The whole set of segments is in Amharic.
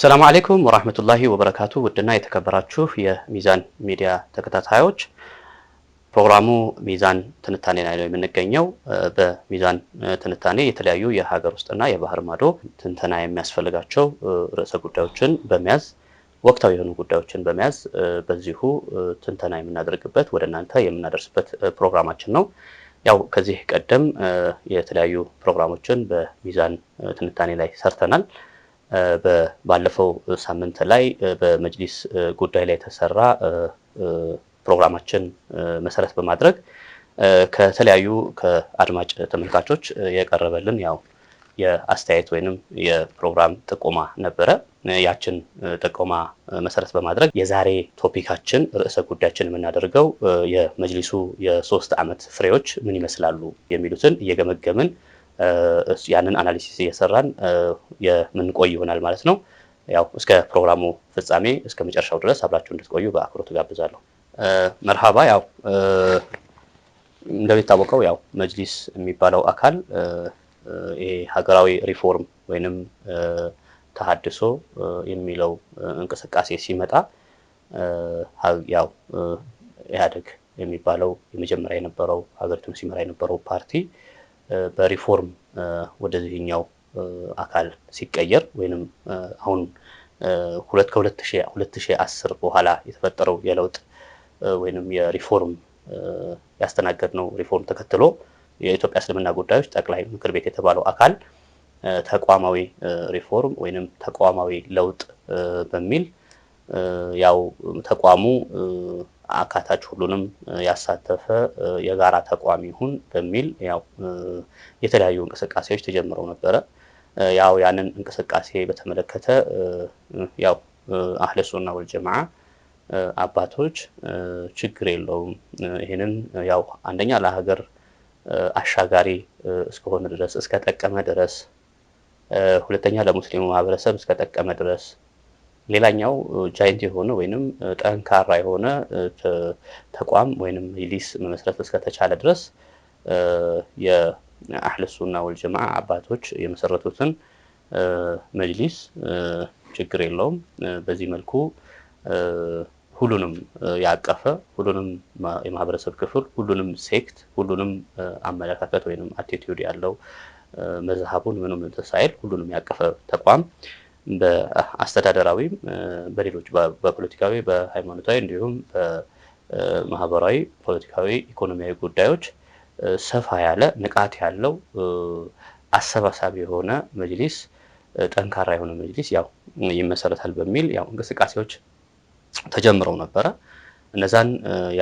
ሰላም አሌይኩም ወራህመቱላሂ ወበረካቱ። ውድና የተከበራችሁ የሚዛን ሚዲያ ተከታታዮች ፕሮግራሙ ሚዛን ትንታኔ ላይ ነው የምንገኘው። በሚዛን ትንታኔ የተለያዩ የሀገር ውስጥና የባህር ማዶ ትንተና የሚያስፈልጋቸው ርዕሰ ጉዳዮችን በመያዝ ወቅታዊ የሆኑ ጉዳዮችን በመያዝ በዚሁ ትንተና የምናደርግበት ወደ እናንተ የምናደርስበት ፕሮግራማችን ነው። ያው ከዚህ ቀደም የተለያዩ ፕሮግራሞችን በሚዛን ትንታኔ ላይ ሰርተናል። ባለፈው ሳምንት ላይ በመጅሊስ ጉዳይ ላይ የተሰራ ፕሮግራማችን መሰረት በማድረግ ከተለያዩ ከአድማጭ ተመልካቾች የቀረበልን ያው የአስተያየት ወይንም የፕሮግራም ጥቆማ ነበረ። ያችን ጥቆማ መሰረት በማድረግ የዛሬ ቶፒካችን ርዕሰ ጉዳያችን የምናደርገው የመጅሊሱ የሶስት ዓመት ፍሬዎች ምን ይመስላሉ የሚሉትን እየገመገምን ያንን አናሊሲስ እየሰራን የምንቆይ ይሆናል ማለት ነው። ያው እስከ ፕሮግራሙ ፍጻሜ እስከ መጨረሻው ድረስ አብራችሁ እንድትቆዩ በአክብሮት ጋብዛለሁ። መርሃባ። ያው እንደሚታወቀው ያው መጅሊስ የሚባለው አካል ይሄ ሀገራዊ ሪፎርም ወይንም ተሀድሶ የሚለው እንቅስቃሴ ሲመጣ ያው ኢህአዴግ የሚባለው የመጀመሪያ የነበረው ሀገሪቱን ሲመራ የነበረው ፓርቲ በሪፎርም ወደዚህኛው አካል ሲቀየር ወይንም አሁን ሁለት ሺ አስር በኋላ የተፈጠረው የለውጥ ወይንም የሪፎርም ያስተናገድ ነው ሪፎርም ተከትሎ የኢትዮጵያ እስልምና ጉዳዮች ጠቅላይ ምክር ቤት የተባለው አካል ተቋማዊ ሪፎርም ወይንም ተቋማዊ ለውጥ በሚል ያው ተቋሙ አካታች ሁሉንም ያሳተፈ የጋራ ተቋም ይሁን በሚል ያው የተለያዩ እንቅስቃሴዎች ተጀምረው ነበረ። ያው ያንን እንቅስቃሴ በተመለከተ ያው አህለ ሱና ወል አባቶች ችግር የለውም ይህንን ያው አንደኛ ለሀገር አሻጋሪ እስከሆነ ድረስ እስከጠቀመ ድረስ ሁለተኛ ለሙስሊሙ ማህበረሰብ እስከጠቀመ ድረስ ሌላኛው ጃይንት የሆነ ወይንም ጠንካራ የሆነ ተቋም ወይንም ሊስ መመስረት እስከተቻለ ድረስ የአህልሱና ወልጅማ ወልጀማ አባቶች የመሰረቱትን መጅሊስ ችግር የለውም። በዚህ መልኩ ሁሉንም ያቀፈ ሁሉንም የማህበረሰብ ክፍል ሁሉንም ሴክት ሁሉንም አመለካከት ወይም አቲቲዩድ ያለው መዝሃቡን ምንም ሳይል ሁሉንም ያቀፈ ተቋም በአስተዳደራዊ በሌሎች በፖለቲካዊ፣ በሃይማኖታዊ እንዲሁም በማህበራዊ፣ ፖለቲካዊ፣ ኢኮኖሚያዊ ጉዳዮች ሰፋ ያለ ንቃት ያለው አሰባሳቢ የሆነ መጅሊስ ጠንካራ የሆነ መጅሊስ ያው ይመሰረታል በሚል ያው እንቅስቃሴዎች ተጀምረው ነበረ። እነዛን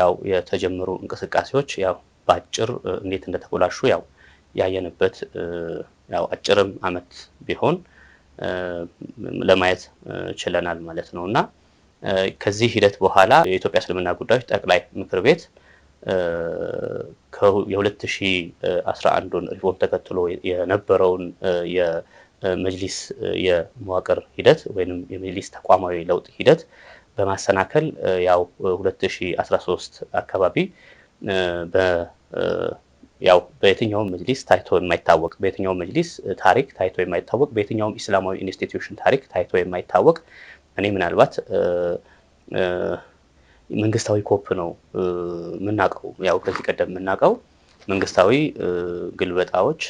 ያው የተጀመሩ እንቅስቃሴዎች ያው በአጭር እንዴት እንደተበላሹ ያው ያየንበት ያው አጭርም አመት ቢሆን ለማየት ችለናል ማለት ነው እና ከዚህ ሂደት በኋላ የኢትዮጵያ እስልምና ጉዳዮች ጠቅላይ ምክር ቤት የ2011ን ሪፎርም ተከትሎ የነበረውን የመጅሊስ የመዋቅር ሂደት ወይም የመጅሊስ ተቋማዊ ለውጥ ሂደት በማሰናከል ያው 2013 አካባቢ ያው በየትኛውም መጅሊስ ታይቶ የማይታወቅ በየትኛው መጅሊስ ታሪክ ታይቶ የማይታወቅ በየትኛውም ኢስላማዊ ኢንስቲትዩሽን ታሪክ ታይቶ የማይታወቅ እኔ ምናልባት መንግስታዊ ኮፕ ነው የምናውቀው። ያው ከዚህ ቀደም የምናውቀው መንግስታዊ ግልበጣዎች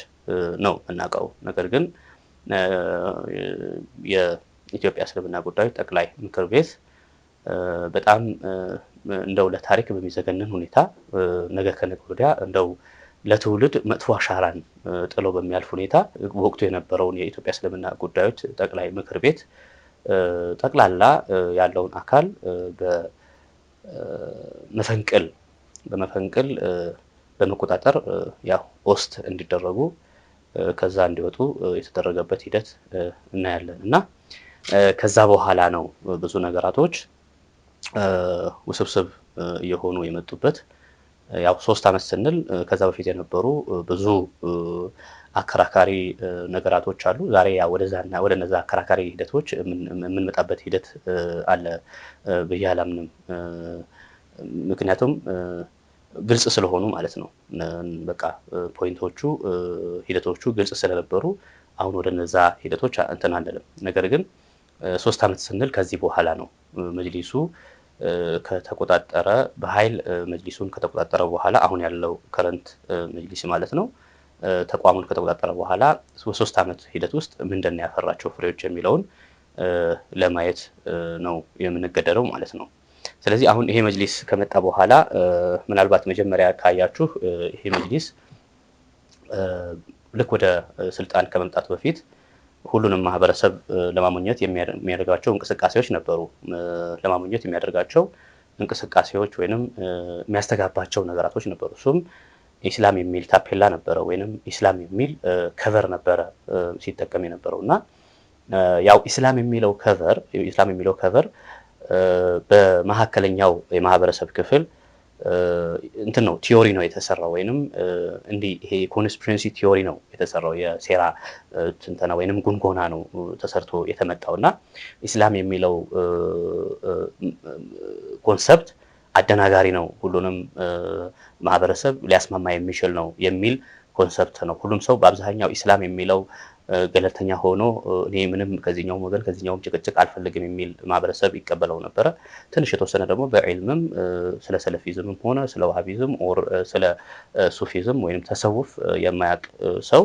ነው የምናውቀው። ነገር ግን የኢትዮጵያ እስልምና ጉዳዮች ጠቅላይ ምክር ቤት በጣም እንደው ለታሪክ በሚዘገንን ሁኔታ ነገ ከነገ ወዲያ እንደው ለትውልድ መጥፎ አሻራን ጥሎ በሚያልፍ ሁኔታ ወቅቱ የነበረውን የኢትዮጵያ እስልምና ጉዳዮች ጠቅላይ ምክር ቤት ጠቅላላ ያለውን አካል በመፈንቅል በመፈንቅል በመቆጣጠር ያው ኦስት እንዲደረጉ ከዛ እንዲወጡ የተደረገበት ሂደት እናያለን እና ከዛ በኋላ ነው ብዙ ነገራቶች ውስብስብ እየሆኑ የመጡበት ያው ሶስት ዓመት ስንል ከዛ በፊት የነበሩ ብዙ አከራካሪ ነገራቶች አሉ። ዛሬ ያ ወደዛና ወደ እነዛ አከራካሪ ሂደቶች የምንመጣበት ሂደት አለ ብዬ አላምንም። ምክንያቱም ግልጽ ስለሆኑ ማለት ነው። በቃ ፖይንቶቹ፣ ሂደቶቹ ግልጽ ስለነበሩ አሁን ወደ እነዛ ሂደቶች እንትን አንልም። ነገር ግን ሶስት ዓመት ስንል ከዚህ በኋላ ነው መጅሊሱ ከተቆጣጠረ በኃይል መጅሊሱን ከተቆጣጠረ በኋላ አሁን ያለው ከረንት መጅሊስ ማለት ነው ተቋሙን ከተቆጣጠረ በኋላ በሶስት ዓመት ሂደት ውስጥ ምንድን ነው ያፈራቸው ፍሬዎች የሚለውን ለማየት ነው የምንገደደው ማለት ነው። ስለዚህ አሁን ይሄ መጅሊስ ከመጣ በኋላ ምናልባት መጀመሪያ ካያችሁ ይሄ መጅሊስ ልክ ወደ ስልጣን ከመምጣቱ በፊት ሁሉንም ማህበረሰብ ለማሞኘት የሚያደርጋቸው እንቅስቃሴዎች ነበሩ። ለማሞኘት የሚያደርጋቸው እንቅስቃሴዎች ወይንም የሚያስተጋባቸው ነገራቶች ነበሩ። እሱም ኢስላም የሚል ታፔላ ነበረ፣ ወይንም ኢስላም የሚል ከቨር ነበረ ሲጠቀም የነበረው እና ያው ኢስላም የሚለው ከቨር ኢስላም የሚለው ከቨር በመካከለኛው የማህበረሰብ ክፍል እንትን ነው ቲዮሪ ነው የተሰራው ወይንም እንዲህ ይሄ ኮንስፕሬንሲ ቲዮሪ ነው የተሰራው። የሴራ ትንተና ወይንም ጉንጎና ነው ተሰርቶ የተመጣው እና ኢስላም የሚለው ኮንሰፕት አደናጋሪ ነው፣ ሁሉንም ማህበረሰብ ሊያስማማ የሚችል ነው የሚል ኮንሰፕት ነው። ሁሉም ሰው በአብዛኛው ኢስላም የሚለው ገለልተኛ ሆኖ እኔ ምንም ከዚኛውም ወገን ከዚኛውም ጭቅጭቅ አልፈልግም የሚል ማህበረሰብ ይቀበለው ነበረ። ትንሽ የተወሰነ ደግሞ በልምም ስለ ሰለፊዝምም ሆነ ስለ ዋሃቢዝም ኦር ስለ ሱፊዝም ወይም ተሰውፍ የማያውቅ ሰው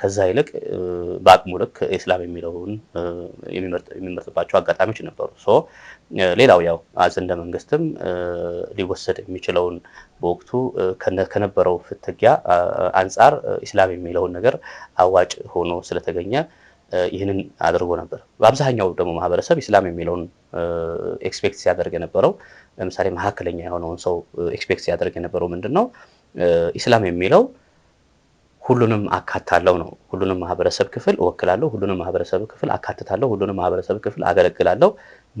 ከዛ ይልቅ በአቅሙ ልክ ኢስላም የሚለውን የሚመርጥባቸው አጋጣሚዎች ነበሩ። ሶ ሌላው ያው አዘንደ እንደ መንግስትም ሊወሰድ የሚችለውን በወቅቱ ከነበረው ፍትጊያ አንጻር ኢስላም የሚለውን ነገር አዋጭ ሆኖ ስለተገኘ ይህንን አድርጎ ነበር። በአብዛኛው ደግሞ ማህበረሰብ ኢስላም የሚለውን ኤክስፔክት ሲያደርግ የነበረው ለምሳሌ መካከለኛ የሆነውን ሰው ኤክስፔክት ሲያደርግ የነበረው ምንድን ነው ኢስላም የሚለው ሁሉንም አካታለው ነው። ሁሉንም ማህበረሰብ ክፍል እወክላለሁ፣ ሁሉንም ማህበረሰብ ክፍል አካትታለሁ፣ ሁሉንም ማህበረሰብ ክፍል አገለግላለሁ።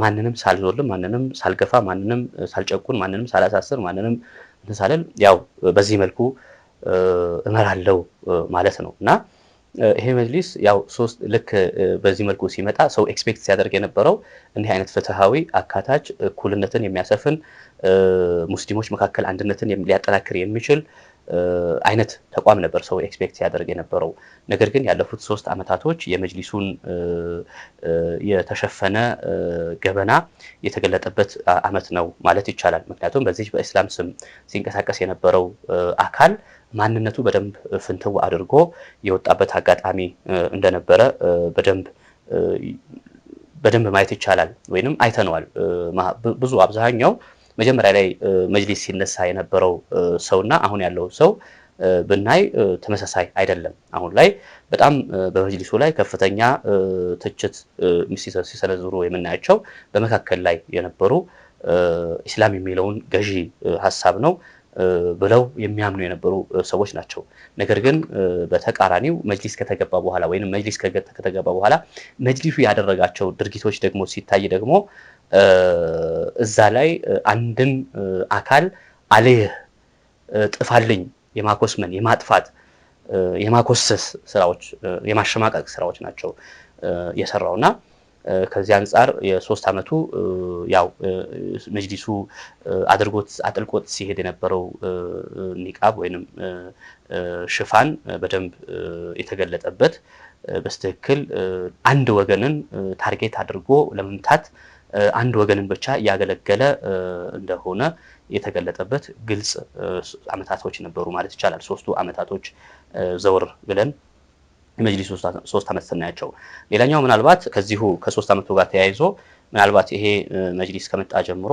ማንንም ሳልዞልም፣ ማንንም ሳልገፋ፣ ማንንም ሳልጨቁን፣ ማንንም ሳላሳስር፣ ማንንም ሳልል ያው በዚህ መልኩ እመራለው ማለት ነው እና ይሄ መጅሊስ ያው ሶስት ልክ በዚህ መልኩ ሲመጣ ሰው ኤክስፔክት ሲያደርግ የነበረው እንዲህ አይነት ፍትሃዊ፣ አካታች፣ እኩልነትን የሚያሰፍን ሙስሊሞች መካከል አንድነትን ሊያጠናክር የሚችል አይነት ተቋም ነበር ሰው ኤክስፔክት ሲያደርግ የነበረው። ነገር ግን ያለፉት ሶስት ዓመታቶች የመጅሊሱን የተሸፈነ ገበና የተገለጠበት ዓመት ነው ማለት ይቻላል። ምክንያቱም በዚህ በእስላም ስም ሲንቀሳቀስ የነበረው አካል ማንነቱ በደንብ ፍንትው አድርጎ የወጣበት አጋጣሚ እንደነበረ በደንብ በደንብ ማየት ይቻላል ወይንም አይተነዋል። ብዙ አብዛኛው መጀመሪያ ላይ መጅሊስ ሲነሳ የነበረው ሰውና አሁን ያለው ሰው ብናይ ተመሳሳይ አይደለም። አሁን ላይ በጣም በመጅሊሱ ላይ ከፍተኛ ትችት ሲሰነዝሩ የምናያቸው በመካከል ላይ የነበሩ ኢስላም የሚለውን ገዢ ሀሳብ ነው ብለው የሚያምኑ የነበሩ ሰዎች ናቸው። ነገር ግን በተቃራኒው መጅሊስ ከተገባ በኋላ ወይም መጅሊስ ከተገባ በኋላ መጅሊሱ ያደረጋቸው ድርጊቶች ደግሞ ሲታይ ደግሞ እዛ ላይ አንድን አካል አልየህ ጥፋልኝ የማኮስመን የማጥፋት የማኮሰስ ስራዎች የማሸማቀቅ ስራዎች ናቸው የሰራውና ከዚህ አንጻር የሶስት አመቱ ያው መጅሊሱ አድርጎት አጥልቆት ሲሄድ የነበረው ኒቃብ ወይንም ሽፋን በደንብ የተገለጠበት በስትክክል አንድ ወገንን ታርጌት አድርጎ ለመምታት አንድ ወገንን ብቻ እያገለገለ እንደሆነ የተገለጠበት ግልጽ አመታቶች ነበሩ ማለት ይቻላል። ሶስቱ አመታቶች ዘወር ብለን የመጅሊስ ሶስት ዓመት ስናያቸው፣ ሌላኛው ምናልባት ከዚሁ ከሶስት ዓመቱ ጋር ተያይዞ ምናልባት ይሄ መጅሊስ ከመጣ ጀምሮ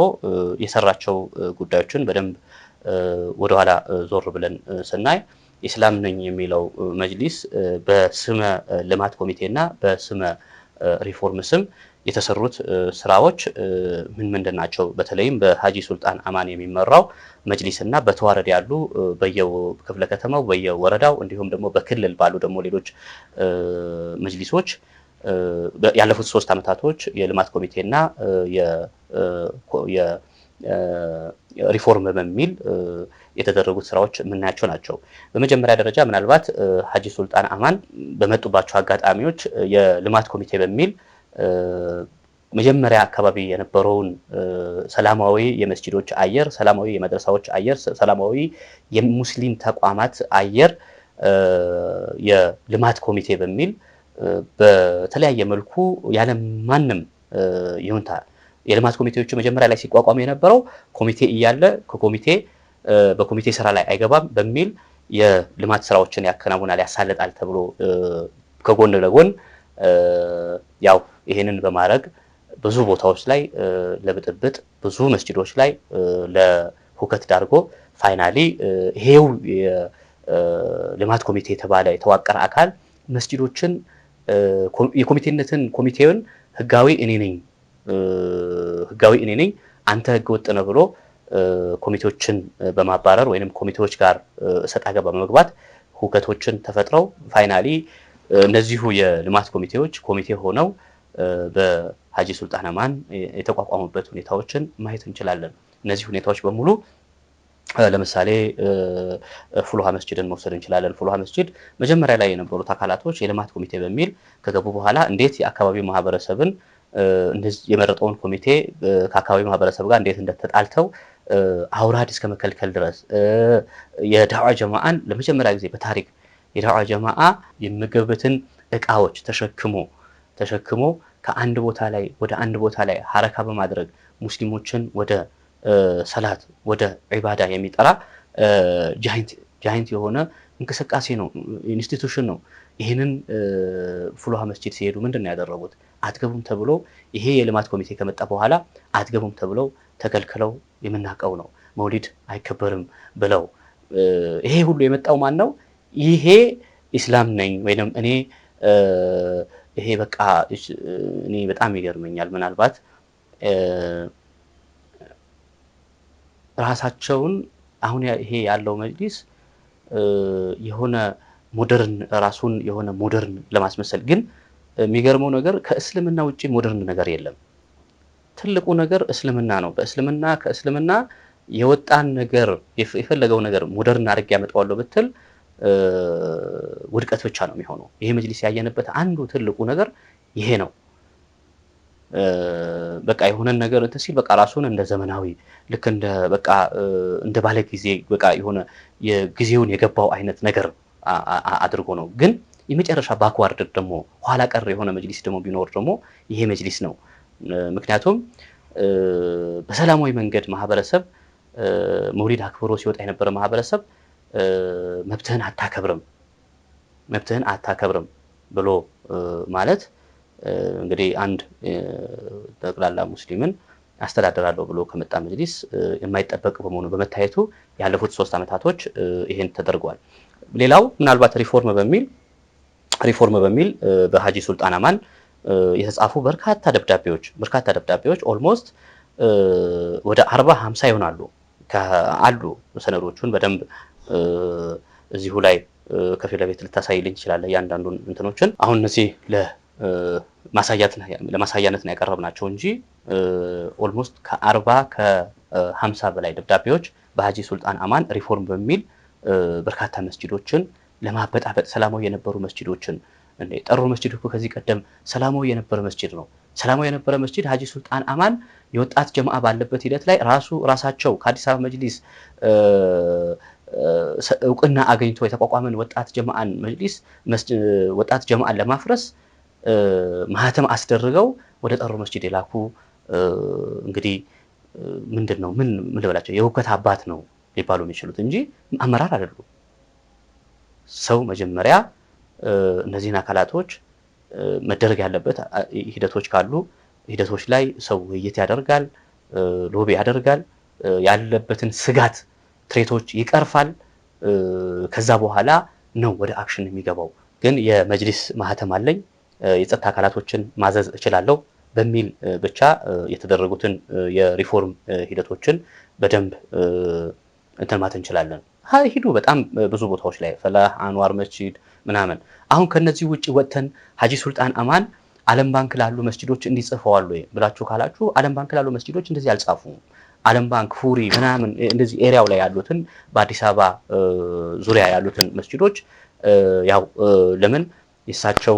የሰራቸው ጉዳዮችን በደንብ ወደኋላ ዞር ብለን ስናይ ኢስላም ነኝ የሚለው መጅሊስ በስመ ልማት ኮሚቴና በስመ ሪፎርም ስም የተሰሩት ስራዎች ምን ምንድን ናቸው? በተለይም በሀጂ ሱልጣን አማን የሚመራው መጅሊስና በተዋረድ ያሉ በየክፍለ ከተማው በየወረዳው እንዲሁም ደግሞ በክልል ባሉ ደግሞ ሌሎች መጅሊሶች ያለፉት ሶስት ዓመታቶች የልማት ኮሚቴ ና ሪፎርም በሚል የተደረጉት ስራዎች የምናያቸው ናቸው። በመጀመሪያ ደረጃ ምናልባት ሀጂ ሱልጣን አማን በመጡባቸው አጋጣሚዎች የልማት ኮሚቴ በሚል መጀመሪያ አካባቢ የነበረውን ሰላማዊ የመስጂዶች አየር፣ ሰላማዊ የመድረሳዎች አየር፣ ሰላማዊ የሙስሊም ተቋማት አየር የልማት ኮሚቴ በሚል በተለያየ መልኩ ያለ ማንም ይሁንታ የልማት ኮሚቴዎቹ መጀመሪያ ላይ ሲቋቋሙ የነበረው ኮሚቴ እያለ ከኮሚቴ በኮሚቴ ስራ ላይ አይገባም በሚል የልማት ስራዎችን ያከናውናል፣ ያሳልጣል ተብሎ ከጎን ለጎን ያው ይሄንን በማድረግ ብዙ ቦታዎች ላይ ለብጥብጥ ብዙ መስጅዶች ላይ ለሁከት ዳርጎ ፋይናሊ ይሄው ልማት ኮሚቴ የተባለ የተዋቀረ አካል መስጅዶችን የኮሚቴነትን ኮሚቴውን ህጋዊ እኔ ነኝ ህጋዊ እኔ ነኝ አንተ ህገ ወጥ ነው ብሎ ኮሚቴዎችን በማባረር ወይም ኮሚቴዎች ጋር እሰጥ አገባ በመግባት ሁከቶችን ተፈጥረው ፋይናሊ እነዚሁ የልማት ኮሚቴዎች ኮሚቴ ሆነው በሀጂ ሱልጣን አማን የተቋቋሙበት ሁኔታዎችን ማየት እንችላለን። እነዚህ ሁኔታዎች በሙሉ ለምሳሌ ፍሉሃ መስጅድን መውሰድ እንችላለን። ፍሉሃ መስጅድ መጀመሪያ ላይ የነበሩት አካላቶች የልማት ኮሚቴ በሚል ከገቡ በኋላ እንዴት የአካባቢው ማህበረሰብን የመረጠውን ኮሚቴ ከአካባቢ ማህበረሰብ ጋር እንዴት እንደተጣልተው አውራድ እስከ መከልከል ድረስ የዳዋ ጀማአን ለመጀመሪያ ጊዜ በታሪክ የዳዋ ጀማአ የሚገቡትን እቃዎች ተሸክሞ ተሸክሞ ከአንድ ቦታ ላይ ወደ አንድ ቦታ ላይ ሀረካ በማድረግ ሙስሊሞችን ወደ ሰላት ወደ ዒባዳ የሚጠራ ጃይንት የሆነ እንቅስቃሴ ነው፣ ኢንስቲቱሽን ነው። ይህንን ፍሉሃ መስጂድ ሲሄዱ ምንድን ነው ያደረጉት? አትገቡም ተብሎ ይሄ የልማት ኮሚቴ ከመጣ በኋላ አትገቡም ተብለው ተከልክለው የምናውቀው ነው። መውሊድ አይከበርም ብለው ይሄ ሁሉ የመጣው ማን ነው? ይሄ ኢስላም ነኝ ወይም እኔ ይሄ በቃ እኔ በጣም ይገርመኛል። ምናልባት ራሳቸውን አሁን ይሄ ያለው መጅሊስ የሆነ ሞደርን ራሱን የሆነ ሞደርን ለማስመሰል ግን የሚገርመው ነገር ከእስልምና ውጭ ሞደርን ነገር የለም። ትልቁ ነገር እስልምና ነው። በእስልምና ከእስልምና የወጣን ነገር የፈለገው ነገር ሞደርን አድርጌ ያመጣዋለሁ ብትል ውድቀት ብቻ ነው የሚሆነው። ይሄ መጅሊስ ያየንበት አንዱ ትልቁ ነገር ይሄ ነው። በቃ የሆነን ነገር እንትን ሲል በቃ ራሱን እንደ ዘመናዊ ልክ እንደ በቃ እንደ ባለ ጊዜ በቃ የሆነ የጊዜውን የገባው አይነት ነገር አድርጎ ነው። ግን የመጨረሻ ባክዋርድ ደግሞ ኋላ ቀር የሆነ መጅሊስ ደግሞ ቢኖር ደግሞ ይሄ መጅሊስ ነው። ምክንያቱም በሰላማዊ መንገድ ማህበረሰብ መውሊድ አክብሮ ሲወጣ የነበረ ማህበረሰብ መብትህን አታከብርም መብትህን አታከብርም ብሎ ማለት እንግዲህ አንድ ጠቅላላ ሙስሊምን አስተዳደራለሁ ብሎ ከመጣ መጅሊስ የማይጠበቅ በመሆኑ በመታየቱ ያለፉት ሶስት ዓመታቶች ይሄን ተደርጓል። ሌላው ምናልባት ሪፎርም በሚል ሪፎርም በሚል በሀጂ ሱልጣን አማን የተጻፉ በርካታ ደብዳቤዎች በርካታ ደብዳቤዎች ኦልሞስት ወደ አርባ ሀምሳ ይሆናሉ አሉ ሰነዶቹን በደንብ እዚሁ ላይ ከፊት ለፊት ልታሳይልኝ ይችላለ እያንዳንዱን እንትኖችን አሁን እነዚህ ለማሳያነት ነው ናቸው እንጂ ኦልሞስት ከአርባ ከሀምሳ በላይ ደብዳቤዎች በሀጂ ሱልጣን አማን ሪፎርም በሚል በርካታ መስጅዶችን ለማበጣበጥ ሰላማዊ የነበሩ መስጅዶችን ጠሩ መስጅድ እኮ ከዚህ ቀደም ሰላማዊ የነበረ መስጅድ ነው። ሰላማዊ የነበረ መስጅድ ሀጂ ሱልጣን አማን የወጣት ጀማዓ ባለበት ሂደት ላይ ራሱ ራሳቸው ከአዲስ አበባ መጅሊስ እውቅና አገኝቶ የተቋቋመን ወጣት ጀማአን መጅሊስ ወጣት ጀማአን ለማፍረስ ማህተም አስደርገው ወደ ጠሩ መስጅድ የላኩ እንግዲህ ምንድን ነው ምን ምን ልበላቸው አባት ነው ሊባሉ የሚችሉት እንጂ አመራር አይደሉም። ሰው መጀመሪያ እነዚህን አካላቶች መደረግ ያለበት ሂደቶች ካሉ ሂደቶች ላይ ሰው ውይይት ያደርጋል፣ ሎቢ ያደርጋል፣ ያለበትን ስጋት ትሬቶች ይቀርፋል። ከዛ በኋላ ነው ወደ አክሽን የሚገባው። ግን የመጅሊስ ማህተም አለኝ የጸጥታ አካላቶችን ማዘዝ እችላለሁ በሚል ብቻ የተደረጉትን የሪፎርም ሂደቶችን በደንብ እንትን ማለት እንችላለን። ሂዱ በጣም ብዙ ቦታዎች ላይ ፈላህ፣ አንዋር መስጂድ ምናምን። አሁን ከነዚህ ውጭ ወጥተን ሀጂ ሱልጣን አማን ዓለም ባንክ ላሉ መስጂዶች እንዲጽፈዋሉ ብላችሁ ካላችሁ ዓለም ባንክ ላሉ መስጂዶች እንደዚህ አልጻፉም። አለም ባንክ፣ ሁሪ ምናምን እንደዚህ ኤሪያው ላይ ያሉትን በአዲስ አበባ ዙሪያ ያሉትን መስጅዶች ያው ለምን የእሳቸው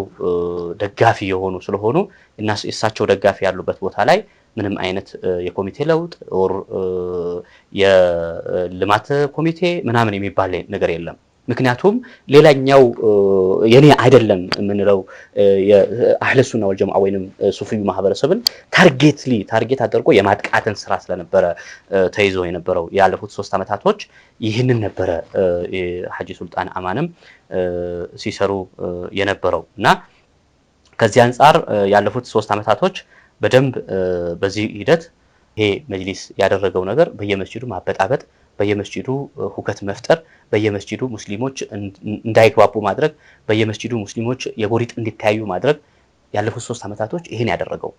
ደጋፊ የሆኑ ስለሆኑ እና የእሳቸው ደጋፊ ያሉበት ቦታ ላይ ምንም አይነት የኮሚቴ ለውጥ ወር የልማት ኮሚቴ ምናምን የሚባል ነገር የለም። ምክንያቱም ሌላኛው የኔ አይደለም የምንለው አህለ ሱና ወልጀማዓ ወይንም ሱፍዩ ማህበረሰብን ታርጌትሊ ታርጌት አድርጎ የማጥቃትን ስራ ስለነበረ ተይዞ የነበረው ያለፉት ሶስት ዓመታቶች ይህንን ነበረ ሀጂ ሱልጣን አማንም ሲሰሩ የነበረው እና ከዚህ አንጻር ያለፉት ሶስት ዓመታቶች በደንብ በዚህ ሂደት ይሄ መጅሊስ ያደረገው ነገር በየመስጅዱ ማበጣበጥ በየመስጂዱ ሁከት መፍጠር፣ በየመስጂዱ ሙስሊሞች እንዳይግባቡ ማድረግ፣ በየመስጂዱ ሙስሊሞች የጎሪጥ እንዲተያዩ ማድረግ ያለፉት ሶስት ዓመታቶች ይሄን ያደረገው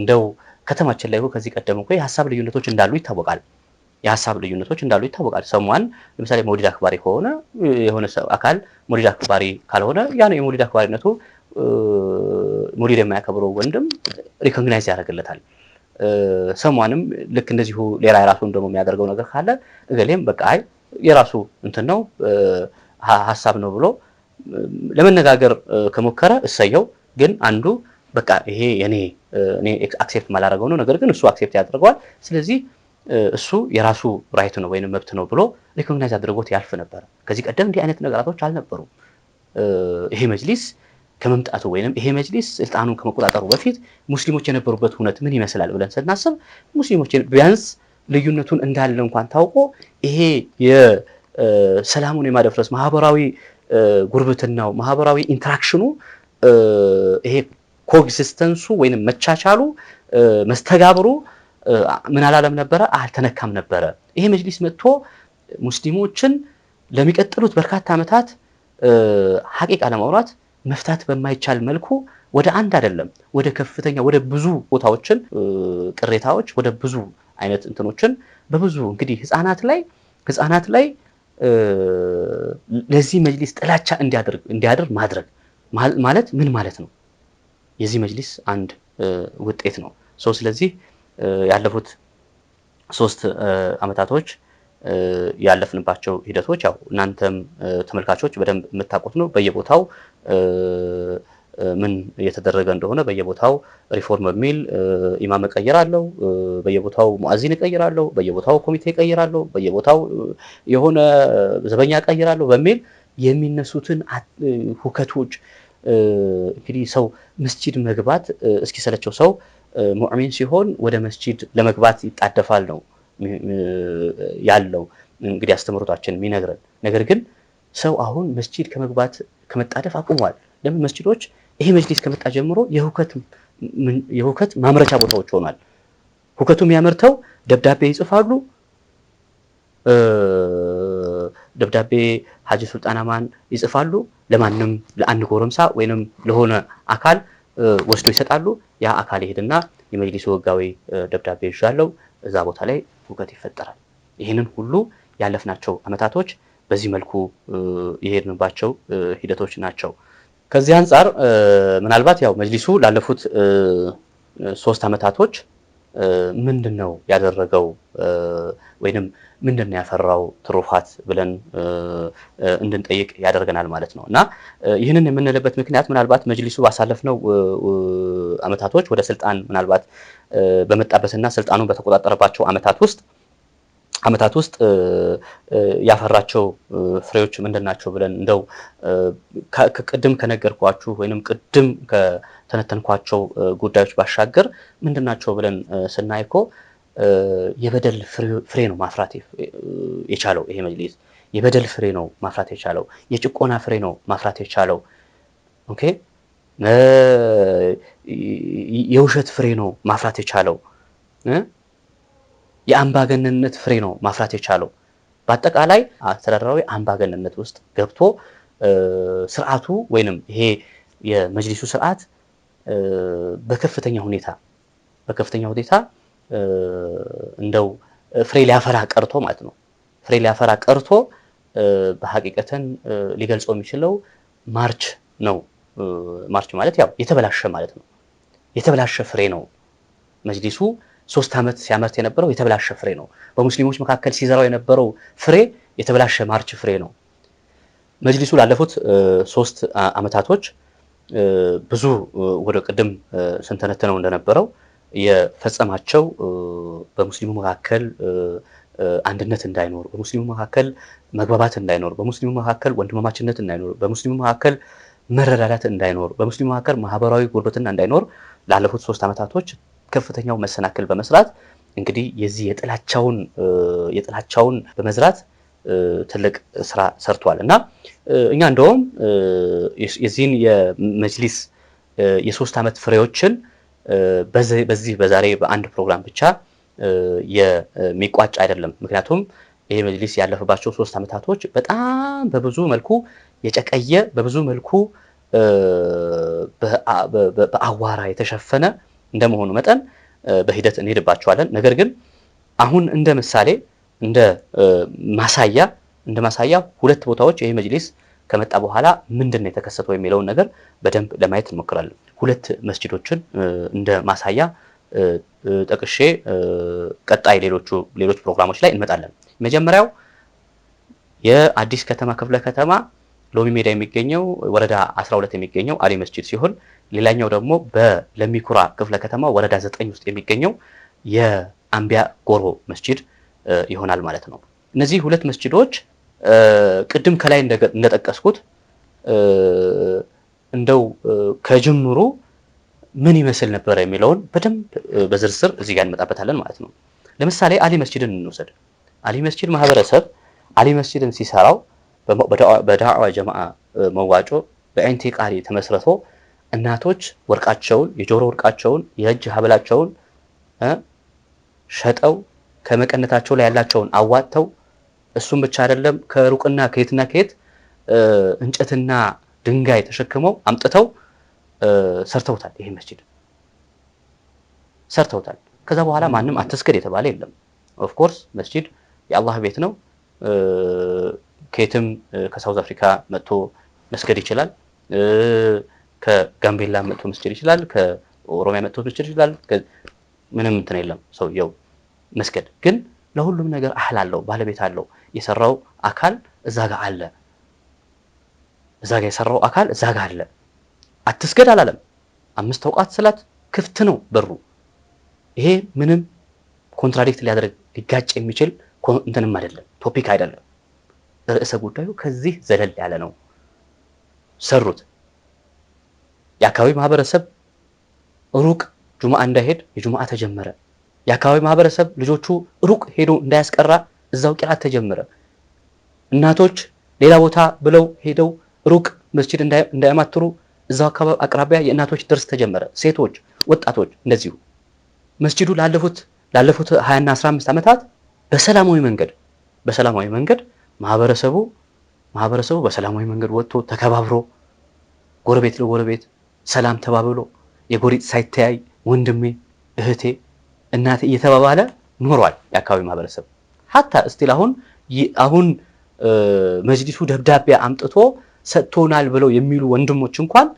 እንደው ከተማችን ላይ ከዚህ ቀደም እኮ የሀሳብ ልዩነቶች እንዳሉ ይታወቃል። የሀሳብ ልዩነቶች እንዳሉ ይታወቃል። ሰሟን ለምሳሌ መውሊድ አክባሪ ከሆነ የሆነ አካል መውሊድ አክባሪ ካልሆነ ያ ነው የመውሊድ አክባሪነቱ መውሊድ የማያከብረው ወንድም ሪኮግናይዝ ያደርግለታል። ሰሟንም ልክ እንደዚሁ ሌላ የራሱን ደግሞ የሚያደርገው ነገር ካለ እገሌም በቃ አይ የራሱ እንትን ነው ሀሳብ ነው ብሎ ለመነጋገር ከሞከረ እሰየው። ግን አንዱ በቃ ይሄ የኔ እኔ አክሴፕት ማላደርገው ነው፣ ነገር ግን እሱ አክሴፕት ያደርገዋል። ስለዚህ እሱ የራሱ ራይት ነው ወይም መብት ነው ብሎ ሪኮግናይዝ አድርጎት ያልፍ ነበር። ከዚህ ቀደም እንዲህ አይነት ነገራቶች አልነበሩም። ይሄ መጅሊስ ከመምጣቱ ወይም ይሄ መጅሊስ ስልጣኑን ከመቆጣጠሩ በፊት ሙስሊሞች የነበሩበት እውነት ምን ይመስላል ብለን ስናስብ ሙስሊሞች ቢያንስ ልዩነቱን እንዳለ እንኳን ታውቆ ይሄ የሰላሙን የማደፍረስ ማህበራዊ ጉርብትናው ማህበራዊ ኢንተራክሽኑ ይሄ ኮኤግዚስተንሱ ወይም መቻቻሉ መስተጋብሩ ምን አላለም ነበረ፣ አልተነካም ነበረ። ይሄ መጅሊስ መጥቶ ሙስሊሞችን ለሚቀጥሉት በርካታ ዓመታት ሀቂቃ ለማውራት መፍታት በማይቻል መልኩ ወደ አንድ አይደለም ወደ ከፍተኛ ወደ ብዙ ቦታዎችን ቅሬታዎች ወደ ብዙ አይነት እንትኖችን በብዙ እንግዲህ ህፃናት ላይ ህጻናት ላይ ለዚህ መጅሊስ ጥላቻ እንዲያድር ማድረግ ማለት ምን ማለት ነው? የዚህ መጅሊስ አንድ ውጤት ነው። ሰው ስለዚህ ያለፉት ሶስት አመታቶች ያለፍንባቸው ሂደቶች ያው እናንተም ተመልካቾች በደንብ የምታውቁት ነው። በየቦታው ምን እየተደረገ እንደሆነ በየቦታው ሪፎርም በሚል ኢማም እቀይራለሁ፣ በየቦታው ሙአዚን እቀይራለሁ፣ በየቦታው ኮሚቴ እቀይራለሁ፣ በየቦታው የሆነ ዘበኛ እቀይራለሁ በሚል የሚነሱትን ሁከቶች እንግዲህ ሰው መስጂድ መግባት እስኪሰለቸው ሰው ሙዕሚን ሲሆን ወደ መስጂድ ለመግባት ይጣደፋል ነው ያለው እንግዲህ አስተምሮታችን የሚነግረን። ነገር ግን ሰው አሁን መስጂድ ከመግባት ከመጣደፍ አቁሟል። ለምን? መስጂዶች ይሄ መጅሊስ ከመጣ ጀምሮ የሁከት ማምረቻ ቦታዎች ሆኗል። ሁከቱ የሚያመርተው ደብዳቤ ይጽፋሉ። ደብዳቤ ሀጂ ሱልጣን አማን ይጽፋሉ። ለማንም ለአንድ ጎረምሳ ወይንም ለሆነ አካል ወስዶ ይሰጣሉ። ያ አካል ይሄድና የመጅሊሱ ህጋዊ ደብዳቤ ይዣለው እዛ ቦታ ላይ ሁከት ይፈጠራል። ይህንን ሁሉ ያለፍናቸው አመታቶች በዚህ መልኩ የሄድንባቸው ሂደቶች ናቸው። ከዚህ አንጻር ምናልባት ያው መጅሊሱ ላለፉት ሶስት አመታቶች ምንድን ነው ያደረገው ወይንም ምንድን ነው ያፈራው ትሩፋት ብለን እንድንጠይቅ ያደርገናል ማለት ነው። እና ይህንን የምንልበት ምክንያት ምናልባት መጅሊሱ ባሳለፍነው አመታቶች ወደ ስልጣን ምናልባት በመጣበትና ስልጣኑን በተቆጣጠረባቸው አመታት ውስጥ አመታት ውስጥ ያፈራቸው ፍሬዎች ምንድን ናቸው ብለን እንደው ቅድም ከነገርኳችሁ ወይም ቅድም ከተነተንኳቸው ጉዳዮች ባሻገር ምንድን ናቸው ብለን ስናይኮ? የበደል ፍሬ ነው ማፍራት የቻለው ይሄ መጅሊስ የበደል ፍሬ ነው ማፍራት የቻለው የጭቆና ፍሬ ነው ማፍራት የቻለው ኦኬ የውሸት ፍሬ ነው ማፍራት የቻለው የአምባገነንነት ፍሬ ነው ማፍራት የቻለው። በአጠቃላይ አስተዳደራዊ አምባገነንነት ውስጥ ገብቶ ስርዓቱ ወይንም ይሄ የመጅሊሱ ስርዓት በከፍተኛ ሁኔታ በከፍተኛ ሁኔታ እንደው ፍሬ ሊያፈራ ቀርቶ ማለት ነው ፍሬ ሊያፈራ ቀርቶ በሀቂቀትን ሊገልጸው የሚችለው ማርች ነው። ማርች ማለት ያው የተበላሸ ማለት ነው። የተበላሸ ፍሬ ነው። መጅሊሱ ሶስት ዓመት ሲያመርት የነበረው የተበላሸ ፍሬ ነው። በሙስሊሞች መካከል ሲዘራው የነበረው ፍሬ የተበላሸ ማርች ፍሬ ነው። መጅሊሱ ላለፉት ሶስት ዓመታቶች ብዙ ወደ ቅድም ስንተነትነው እንደነበረው የፈጸማቸው በሙስሊሙ መካከል አንድነት እንዳይኖር፣ በሙስሊሙ መካከል መግባባት እንዳይኖር፣ በሙስሊሙ መካከል ወንድማማችነት እንዳይኖር፣ በሙስሊሙ መካከል መረዳዳት እንዳይኖር፣ በሙስሊሙ መካከል ማህበራዊ ጉርብትና እንዳይኖር ላለፉት ሶስት ዓመታቶች ከፍተኛው መሰናክል በመስራት እንግዲህ የዚህ የጥላቻውን የጥላቻውን በመዝራት ትልቅ ስራ ሰርቷል እና እኛ እንደውም የዚህን የመጅሊስ የሶስት ዓመት ፍሬዎችን በዚህ በዛሬ በአንድ ፕሮግራም ብቻ የሚቋጭ አይደለም። ምክንያቱም ይሄ መጅሊስ ያለፈባቸው ሶስት ዓመታቶች በጣም በብዙ መልኩ የጨቀየ በብዙ መልኩ በአዋራ የተሸፈነ እንደመሆኑ መጠን በሂደት እንሄድባቸዋለን። ነገር ግን አሁን እንደ ምሳሌ እንደ ማሳያ እንደ ማሳያ ሁለት ቦታዎች ይህ መጅሊስ ከመጣ በኋላ ምንድን ነው የተከሰተው የሚለውን ነገር በደንብ ለማየት እንሞክራለን። ሁለት መስጂዶችን እንደ ማሳያ ጠቅሼ ቀጣይ ሌሎቹ ሌሎች ፕሮግራሞች ላይ እንመጣለን። መጀመሪያው የአዲስ ከተማ ክፍለ ከተማ ሎሚ ሜዳ የሚገኘው ወረዳ 12 የሚገኘው አሊ መስጂድ ሲሆን ሌላኛው ደግሞ በለሚኩራ ክፍለ ከተማ ወረዳ 9 ውስጥ የሚገኘው የአምቢያ ጎሮ መስጂድ ይሆናል ማለት ነው። እነዚህ ሁለት መስጂዶች ቅድም ከላይ እንደጠቀስኩት እንደው ከጅምሩ ምን ይመስል ነበር የሚለውን በደንብ በዝርዝር እዚህ ጋር እንመጣበታለን ማለት ነው። ለምሳሌ አሊ መስጂድን እንውሰድ። አሊ መስጂድ ማህበረሰብ አሊ መስጂድን ሲሰራው በዳዕዋ ጀማዓ መዋጮ በአይንቲ ቃሪ ተመስርቶ እናቶች ወርቃቸውን፣ የጆሮ ወርቃቸውን፣ የእጅ ሀብላቸውን ሸጠው ከመቀነታቸው ላይ ያላቸውን አዋጥተው እሱም ብቻ አይደለም፣ ከሩቅና ከየትና ከየት እንጨትና ድንጋይ ተሸክመው አምጥተው ሰርተውታል። ይሄ መስጂድ ሰርተውታል። ከዛ በኋላ ማንም አትስገድ የተባለ የለም። ኦፍኮርስ መስጂድ የአላህ ቤት ነው። ከየትም ከሳውዝ አፍሪካ መጥቶ መስገድ ይችላል። ከጋምቤላ መጥቶ መስገድ ይችላል። ከኦሮሚያ መጥቶ መስገድ ይችላል። ምንም እንትን የለም ሰውየው መስገድ ግን ለሁሉም ነገር አህል አለው፣ ባለቤት አለው። የሰራው አካል እዛ ጋ አለ፣ እዛ ጋ የሰራው አካል እዛ ጋ አለ። አትስገድ አላለም። አምስት አውቃት ስላት ክፍት ነው በሩ። ይሄ ምንም ኮንትራዲክት ሊያደርግ ሊጋጭ የሚችል እንትንም አይደለም፣ ቶፒክ አይደለም። ርዕሰ ጉዳዩ ከዚህ ዘለል ያለ ነው። ሰሩት። የአካባቢ ማህበረሰብ ሩቅ ጁማአ እንዳይሄድ የጁምዓ ተጀመረ። የአካባቢ ማህበረሰብ ልጆቹ ሩቅ ሄዶ እንዳያስቀራ እዛው ቂራት ተጀመረ። እናቶች ሌላ ቦታ ብለው ሄደው ሩቅ መስጂድ እንዳያማትሩ እዛው አካባቢ አቅራቢያ የእናቶች ደርስ ተጀመረ። ሴቶች፣ ወጣቶች እንደዚሁ መስጂዱ ላለፉት ላለፉት 20ና 15 ዓመታት በሰላማዊ መንገድ በሰላማዊ መንገድ ማህበረሰቡ ማህበረሰቡ በሰላማዊ መንገድ ወጥቶ ተከባብሮ ጎረቤት ለጎረቤት ሰላም ተባብሎ የጎሪጥ ሳይተያይ ወንድሜ እህቴ እናቴ እየተባባለ ኖሯል የአካባቢ ማህበረሰብ። ሀታ እስቲል አሁን አሁን መጅሊሱ ደብዳቤ አምጥቶ ሰጥቶናል ብለው የሚሉ ወንድሞች እንኳን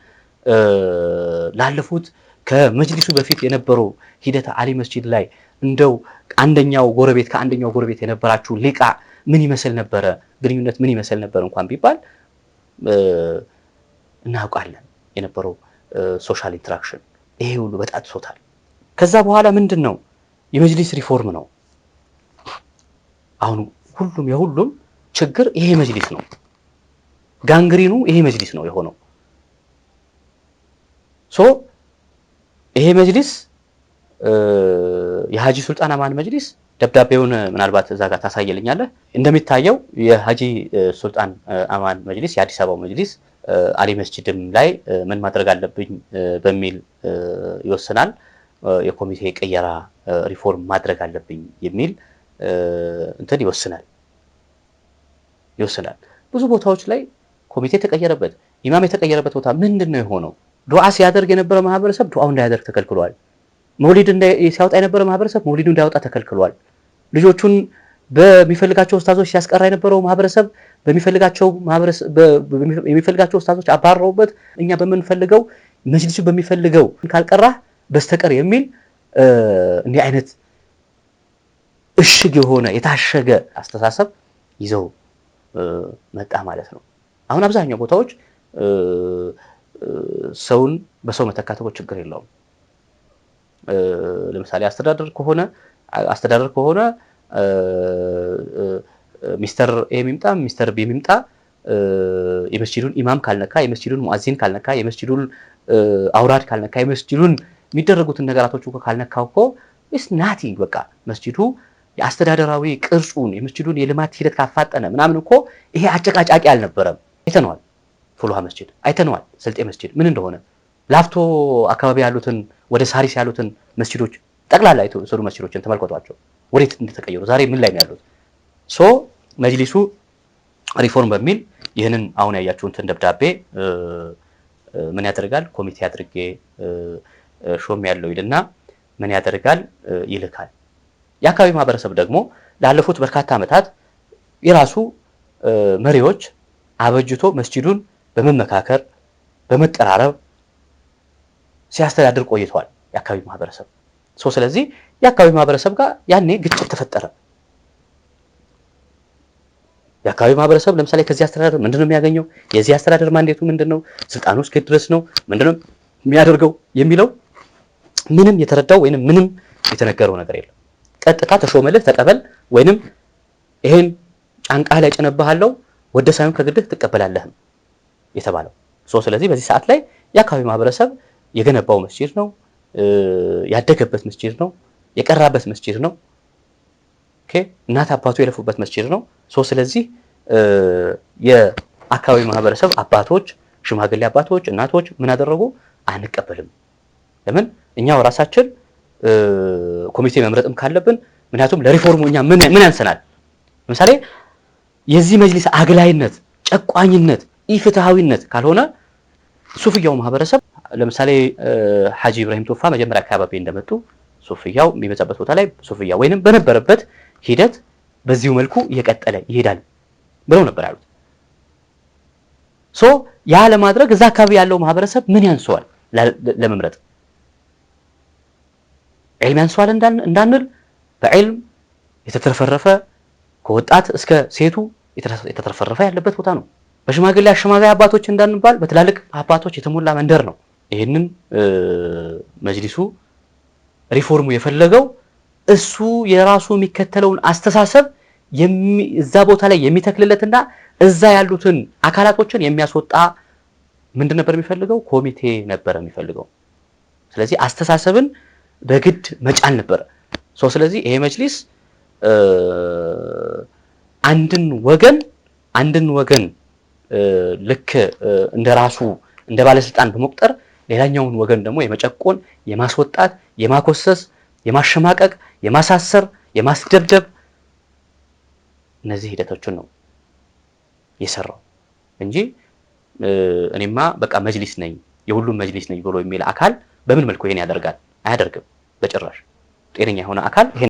ላለፉት ከመጅሊሱ በፊት የነበረው ሂደት አሊ መስጂድ ላይ እንደው አንደኛው ጎረቤት ከአንደኛው ጎረቤት የነበራችሁ ሊቃ ምን ይመስል ነበረ፣ ግንኙነት ምን ይመስል ነበር እንኳን ቢባል እናውቃለን። የነበረው ሶሻል ኢንተራክሽን ይሄ ሁሉ በጣጥሶታል። ከዛ በኋላ ምንድን ነው የመጅሊስ ሪፎርም ነው። አሁን ሁሉም የሁሉም ችግር ይሄ መጅሊስ ነው። ጋንግሪኑ ይሄ መጅሊስ ነው የሆነው። ሶ ይሄ መጅሊስ የሀጂ ሱልጣን አማን መጅሊስ ደብዳቤውን ምናልባት እዛ ጋር ታሳየልኛለህ። እንደሚታየው የሀጂ ሱልጣን አማን መጅሊስ የአዲስ አበባው መጅሊስ አሊ መስጅድም ላይ ምን ማድረግ አለብኝ በሚል ይወስናል። የኮሚቴ ቅየራ ሪፎርም ማድረግ አለብኝ የሚል እንትን ይወስናል ይወስናል። ብዙ ቦታዎች ላይ ኮሚቴ የተቀየረበት ኢማም የተቀየረበት ቦታ ምንድን ነው የሆነው? ዱዓ ሲያደርግ የነበረ ማህበረሰብ ዱዓው እንዳያደርግ ተከልክሏል። መውሊድ ሲያወጣ የነበረ ማህበረሰብ መውሊዱ እንዳያወጣ ተከልክሏል። ልጆቹን በሚፈልጋቸው ኡስታዞች ሲያስቀራ የነበረው ማህበረሰብ በሚፈልጋቸው ኡስታዞች አባረውበት እኛ በምንፈልገው መጅልሱ በሚፈልገው ካልቀራህ በስተቀር የሚል እንዲህ አይነት እሽግ የሆነ የታሸገ አስተሳሰብ ይዘው መጣ ማለት ነው። አሁን አብዛኛው ቦታዎች ሰውን በሰው መተካት እኮ ችግር የለውም። ለምሳሌ አስተዳደር ከሆነ አስተዳደር ከሆነ ሚስተር ኤ የሚምጣ ሚስተር ቢ የሚምጣ የመስጂዱን ኢማም ካልነካ፣ የመስጂዱን ሙአዚን ካልነካ፣ የመስጂዱን አውራድ ካልነካ፣ የመስጂዱን የሚደረጉትን ነገራቶች እኮ ካልነካው እኮ ስ ናቲ በቃ መስጅዱ የአስተዳደራዊ ቅርጹን የመስጅዱን የልማት ሂደት ካፋጠነ ምናምን እኮ ይሄ አጨቃጫቂ አልነበረም። አይተነዋል፣ ፉልሃ መስጅድ አይተነዋል፣ ስልጤ መስጅድ ምን እንደሆነ ላፍቶ አካባቢ ያሉትን ወደ ሳሪስ ያሉትን መስጅዶች ጠቅላላ የተወሰዱ መስጅዶችን ተመልከቷቸው፣ ወዴት እንደተቀየሩ ዛሬ ምን ላይ ነው ያሉት? ሶ መጅሊሱ ሪፎርም በሚል ይህንን አሁን ያያችሁትን ደብዳቤ ምን ያደርጋል ኮሚቴ አድርጌ ሾም ያለው ይልና ምን ያደርጋል? ይልካል። የአካባቢው ማህበረሰብ ደግሞ ላለፉት በርካታ ዓመታት የራሱ መሪዎች አበጅቶ መስጂዱን በመመካከር በመቀራረብ ሲያስተዳድር ቆይተዋል። የአካባቢ ማህበረሰብ ሰው ስለዚህ የአካባቢ ማህበረሰብ ጋር ያኔ ግጭት ተፈጠረ። የአካባቢው ማህበረሰብ ለምሳሌ ከዚህ አስተዳደር ምንድን ነው የሚያገኘው? የዚህ አስተዳደር ማንዴቱ ምንድን ነው? ስልጣኑ እስከ ድረስ ነው ምንድን ነው የሚያደርገው የሚለው ምንም የተረዳው ወይንም ምንም የተነገረው ነገር የለም። ቀጥታ ተሾመልህ ተቀበል፣ ወይንም ይሄን ጫንቃህ ላይ ጭነብሃለሁ ወደ ሳይሆን ከግድህ ትቀበላለህም የተባለው ሶ ስለዚህ በዚህ ሰዓት ላይ የአካባቢ ማህበረሰብ የገነባው መስጂድ ነው፣ ያደገበት መስጂድ ነው፣ የቀራበት መስጂድ ነው፣ እናት አባቱ የለፉበት መስጂድ ነው። ሶ ስለዚህ የአካባቢ ማህበረሰብ አባቶች፣ ሽማግሌ አባቶች፣ እናቶች ምን አደረጉ? አንቀበልም ለምን እኛው ራሳችን ኮሚቴ መምረጥም ካለብን፣ ምክንያቱም ለሪፎርሙ እኛ ምን ያንሰናል? ለምሳሌ የዚህ መጅሊስ አግላይነት፣ ጨቋኝነት፣ ኢፍትሃዊነት ካልሆነ ሱፍያው ማህበረሰብ ለምሳሌ ሐጂ ኢብራሂም ቶፋ መጀመሪያ አካባቢ እንደመጡ ሱፍያው የሚበዛበት ቦታ ላይ ሱፍያ ወይንም በነበረበት ሂደት በዚሁ መልኩ እየቀጠለ ይሄዳል ብለው ነበር ያሉት። ሶ ያ ለማድረግ እዛ አካባቢ ያለው ማህበረሰብ ምን ያንሰዋል ለመምረጥ ዒልም ያንሰዋል እንዳንል በዒልም የተትረፈረፈ ከወጣት እስከ ሴቱ የተትረፈረፈ ያለበት ቦታ ነው። በሽማግሌ አሸማጋይ አባቶች እንዳንባል በትላልቅ አባቶች የተሞላ መንደር ነው። ይህንን መጅሊሱ ሪፎርሙ የፈለገው እሱ የራሱ የሚከተለውን አስተሳሰብ እዛ ቦታ ላይ የሚተክልለትና እዛ ያሉትን አካላቶችን የሚያስወጣ ምንድን ነበር የሚፈልገው? ኮሚቴ ነበር የሚፈልገው። ስለዚህ አስተሳሰብን በግድ መጫን ነበረ። ስለዚህ ይሄ መጅሊስ አንድን ወገን አንድን ወገን ልክ እንደ ራሱ እንደ ባለስልጣን በመቁጠር ሌላኛውን ወገን ደግሞ የመጨቆን፣ የማስወጣት፣ የማኮሰስ፣ የማሸማቀቅ፣ የማሳሰር፣ የማስደብደብ እነዚህ ሂደቶችን ነው የሰራው እንጂ እኔማ በቃ መጅሊስ ነኝ የሁሉም መጅሊስ ነኝ ብሎ የሚል አካል በምን መልኩ ይሄን ያደርጋል? አያደርግም በጭራሽ። ጤነኛ የሆነ አካል